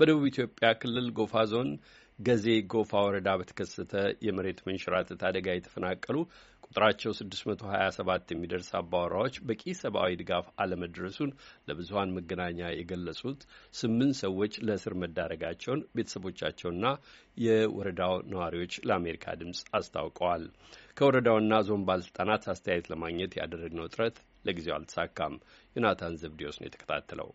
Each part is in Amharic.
በደቡብ ኢትዮጵያ ክልል ጎፋ ዞን ገዜ ጎፋ ወረዳ በተከሰተ የመሬት መንሸራተት አደጋ የተፈናቀሉ ቁጥራቸው 627 የሚደርስ አባወራዎች በቂ ሰብአዊ ድጋፍ አለመድረሱን ለብዙሀን መገናኛ የገለጹት ስምንት ሰዎች ለእስር መዳረጋቸውን ቤተሰቦቻቸውና የወረዳው ነዋሪዎች ለአሜሪካ ድምፅ አስታውቀዋል። ከወረዳውና ዞን ባለስልጣናት አስተያየት ለማግኘት ያደረግነው ጥረት ለጊዜው አልተሳካም። ዮናታን ዘብዲዮስ ነው የተከታተለው።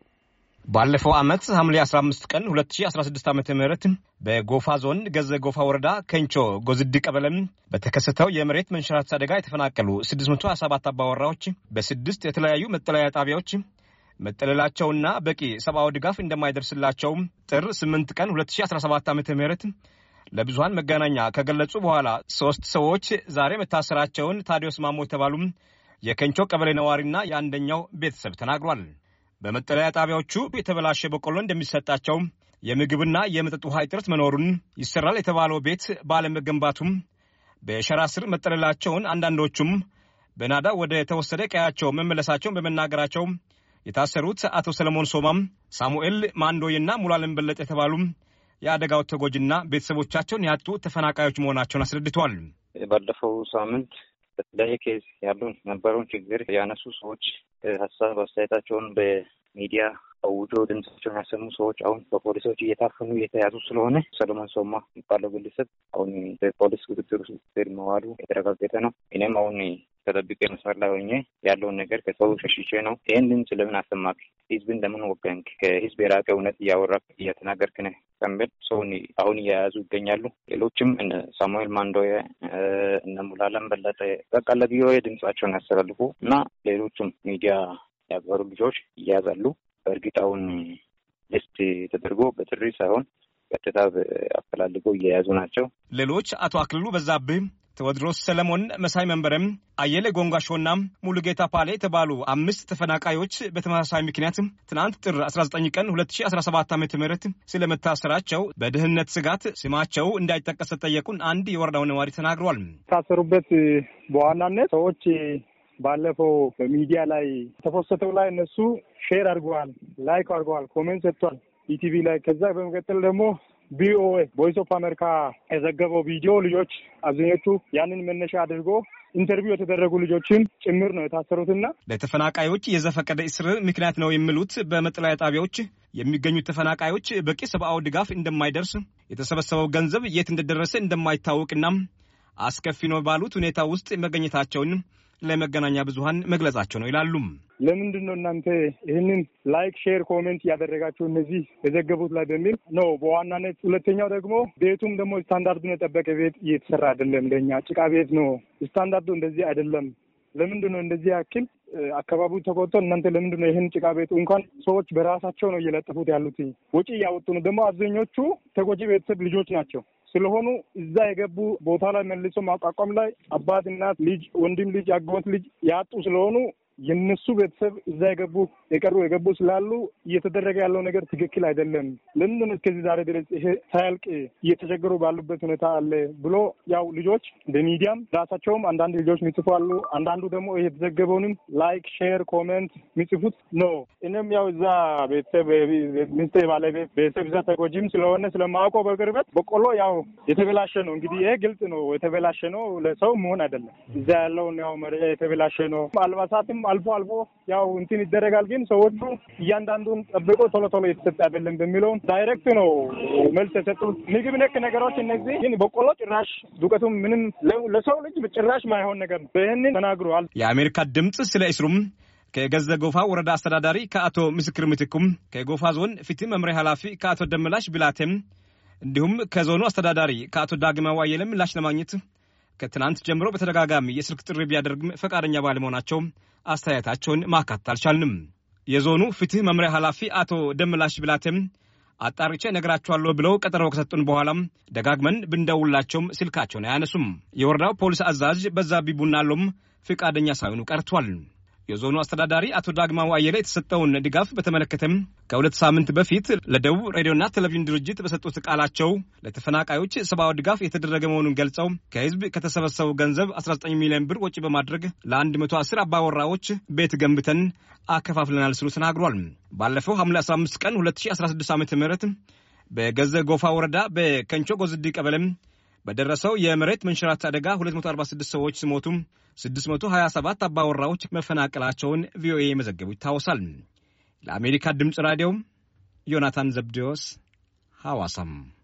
ባለፈው ዓመት ሐምሌ 15 ቀን 2016 ዓ ም በጎፋ ዞን ገዘ ጎፋ ወረዳ ከንቾ ጎዝድ ቀበለም በተከሰተው የመሬት መንሸራተት አደጋ የተፈናቀሉ 627 አባወራዎች በስድስት የተለያዩ መጠለያ ጣቢያዎች መጠለላቸውና በቂ ሰብአዊ ድጋፍ እንደማይደርስላቸው ጥር 8 ቀን 2017 ዓ ም ለብዙሃን መገናኛ ከገለጹ በኋላ ሦስት ሰዎች ዛሬ መታሰራቸውን ታዲዮስ ማሞ የተባሉ የከንቾ ቀበሌ ነዋሪና የአንደኛው ቤተሰብ ተናግሯል። በመጠለያ ጣቢያዎቹ የተበላሸ በቆሎ እንደሚሰጣቸው የምግብና የመጠጥ ውሃ እጥረት መኖሩን ይሰራል የተባለው ቤት ባለመገንባቱም በሸራ ስር መጠለላቸውን አንዳንዶቹም በናዳ ወደ ተወሰደ ቀያቸው መመለሳቸውን በመናገራቸው የታሰሩት አቶ ሰለሞን ሶማም፣ ሳሙኤል ማንዶይና ሙላለም በለጥ የተባሉ የአደጋው ተጎጂና ቤተሰቦቻቸውን ያጡ ተፈናቃዮች መሆናቸውን አስረድተዋል። ባለፈው ሳምንት አለበት። ኬዝ ያሉ ነበረውን ችግር ያነሱ ሰዎች ሀሳብ አስተያየታቸውን በሚዲያ አውጆ ድምጻቸውን ያሰሙ ሰዎች አሁን በፖሊሶች እየታፈኑ እየተያዙ ስለሆነ ሰለሞን ሶማ የሚባለው ግለሰብ አሁን በፖሊስ ቁጥጥር ውስጥ ስር መዋሉ የተረጋገጠ ነው። እኔም አሁን ተጠብቄ መስመር ላይ ሆኜ ያለውን ነገር ከሰው ሸሽቼ ነው። ይህን ድምፅ ለምን አሰማክ? ህዝብን ለምን ወገንክ? ከህዝብ የራቀ እውነት እያወራክ እያተናገርክ ነህ ሰንበል ሰውን አሁን እያያዙ ይገኛሉ። ሌሎችም እነ ሳሙኤል ማንዶዬ፣ እነ ሙላለም በለጠ በቃ ለቪኦኤ ድምጻቸውን ያስተላልፉ እና ሌሎችም ሚዲያ ያበሩ ልጆች እያያዛሉ። በእርግጣውን አሁን ሊስት ተደርጎ በጥሪ ሳይሆን ቀጥታ አፈላልገው እየያዙ ናቸው። ሌሎች አቶ አክልሉ በዛብህ ቴዎድሮስ ሰለሞን መሳይ መንበረም፣ አየለ ጎንጓሾና ሙሉጌታ ፓሌ የተባሉ አምስት ተፈናቃዮች በተመሳሳይ ምክንያት ትናንት ጥር 19 ቀን 2017 ዓ ም ስለመታሰራቸው በደህንነት ስጋት ስማቸው እንዳይጠቀስ ጠየቁን አንድ የወረዳው ነዋሪ ተናግሯል። ታሰሩበት በዋናነት ሰዎች ባለፈው በሚዲያ ላይ ተፈሰተው ላይ እነሱ ሼር አድርገዋል፣ ላይክ አድርገዋል፣ ኮሜንት ሰጥቷል ኢቲቪ ላይ። ከዛ በመቀጠል ደግሞ ቪኦኤ ቮይስ ኦፍ አሜሪካ የዘገበው ቪዲዮ ልጆች አብዛኞቹ ያንን መነሻ አድርጎ ኢንተርቪው የተደረጉ ልጆችን ጭምር ነው የታሰሩትና ለተፈናቃዮች የዘፈቀደ እስር ምክንያት ነው የሚሉት በመጠለያ ጣቢያዎች የሚገኙት ተፈናቃዮች በቂ ሰብአዊ ድጋፍ እንደማይደርስ የተሰበሰበው ገንዘብ የት እንደደረሰ እንደማይታወቅና አስከፊ ነው ባሉት ሁኔታ ውስጥ መገኘታቸውን ለመገናኛ ብዙሀን መግለጻቸው ነው ይላሉም። ለምንድን ነው እናንተ ይህንን ላይክ፣ ሼር፣ ኮሜንት እያደረጋችሁ እነዚህ የዘገቡት ላይ በሚል ነው በዋናነት። ሁለተኛው ደግሞ ቤቱም ደግሞ ስታንዳርዱን የጠበቀ ቤት እየተሰራ አይደለም። ለኛ ጭቃ ቤት ነው። ስታንዳርዱ እንደዚህ አይደለም። ለምንድን ነው እንደዚህ ያክል አካባቢ ተቆጥቶ እናንተ ለምንድን ነው ይህን ጭቃ ቤቱ እንኳን ሰዎች በራሳቸው ነው እየለጠፉት ያሉት፣ ወጪ እያወጡ ነው። ደግሞ አብዛኞቹ ተጎጂ ቤተሰብ ልጆች ናቸው። ስለሆኑ እዛ የገቡ ቦታ ላይ መልሶ ማቋቋም ላይ አባት፣ እናት፣ ልጅ፣ ወንድም ልጅ፣ አጎት ልጅ ያጡ ስለሆኑ የነሱ ቤተሰብ እዛ የገቡ የቀሩ የገቡ ስላሉ እየተደረገ ያለው ነገር ትክክል አይደለም። ለምንድን እስከዚህ ዛሬ ድረስ ይሄ ሳያልቅ እየተቸገሩ ባሉበት ሁኔታ አለ ብሎ ያው ልጆች በሚዲያም ራሳቸውም አንዳንድ ልጆች ሚጽፏሉ። አሉ። አንዳንዱ ደግሞ የተዘገበውንም ላይክ፣ ሼር፣ ኮሜንት ሚጽፉት ነው። እኔም ያው እዛ ቤተሰብ ሚኒስቴ ባለቤት ቤተሰብ እዛ ተጎጂም ስለሆነ ስለማውቀው በቅርበት በቆሎ ያው የተበላሸ ነው። እንግዲህ ይሄ ግልጽ ነው፣ የተበላሸ ነው። ለሰው መሆን አይደለም። እዛ ያለውን ያው መረጃ የተበላሸ ነው። አልባሳትም አልፎ አልፎ ያው እንትን ይደረጋል። ግን ሰዎቹ እያንዳንዱን ጠብቆ ቶሎ ቶሎ የተሰጠ አይደለም በሚለውን ዳይሬክት ነው መልስ የሰጡት። ምግብ ነክ ነገሮች እነዚህ ግን በቆሎ ጭራሽ ዱቀቱም ምንም ለሰው ልጅ ጭራሽ ማይሆን ነገር ነው። ይህንን ተናግሯል። የአሜሪካ ድምፅ ስለ እስሩም ከገዘ ጎፋ ወረዳ አስተዳዳሪ ከአቶ ምስክር ምትኩም ከጎፋ ዞን ፍትህ መምሪያ ኃላፊ ከአቶ ደመላሽ ብላቴም እንዲሁም ከዞኑ አስተዳዳሪ ከአቶ ዳግማዊ አየለ ምላሽ ለማግኘት ከትናንት ጀምሮ በተደጋጋሚ የስልክ ጥሪ ቢያደርግም ፈቃደኛ ባለመሆናቸው አስተያየታቸውን ማካት አልቻልንም። የዞኑ ፍትህ መምሪያ ኃላፊ አቶ ደምላሽ ብላቴም አጣርቼ እነግራቸዋለሁ ብለው ቀጠሮ ከሰጡን በኋላም ደጋግመን ብንደውላቸውም ስልካቸውን አያነሱም። የወረዳው ፖሊስ አዛዥ በዛ ቢቡናሎም ፍቃደኛ ሳይሆኑ ቀርቷል። የዞኑ አስተዳዳሪ አቶ ዳግማው አየለ የተሰጠውን ድጋፍ በተመለከተም ከሁለት ሳምንት በፊት ለደቡብ ሬዲዮና ቴሌቪዥን ድርጅት በሰጡት ቃላቸው ለተፈናቃዮች ሰብአዊ ድጋፍ የተደረገ መሆኑን ገልጸው ከህዝብ ከተሰበሰቡ ገንዘብ 19 ሚሊዮን ብር ወጪ በማድረግ ለ110 አባወራዎች ቤት ገንብተን አከፋፍለናል ሲሉ ተናግሯል። ባለፈው ሐምሌ 15 ቀን 2016 ዓ ም በገዘ ጎፋ ወረዳ በከንቾ ጎዝዲ ቀበሌም በደረሰው የመሬት መንሽራት አደጋ 246 ሰዎች ሲሞቱም 627 አባወራዎች መፈናቀላቸውን ቪኦኤ መዘገቡ ይታወሳል። ለአሜሪካ ድምፅ ራዲዮ ዮናታን ዘብዴዎስ ሐዋሳም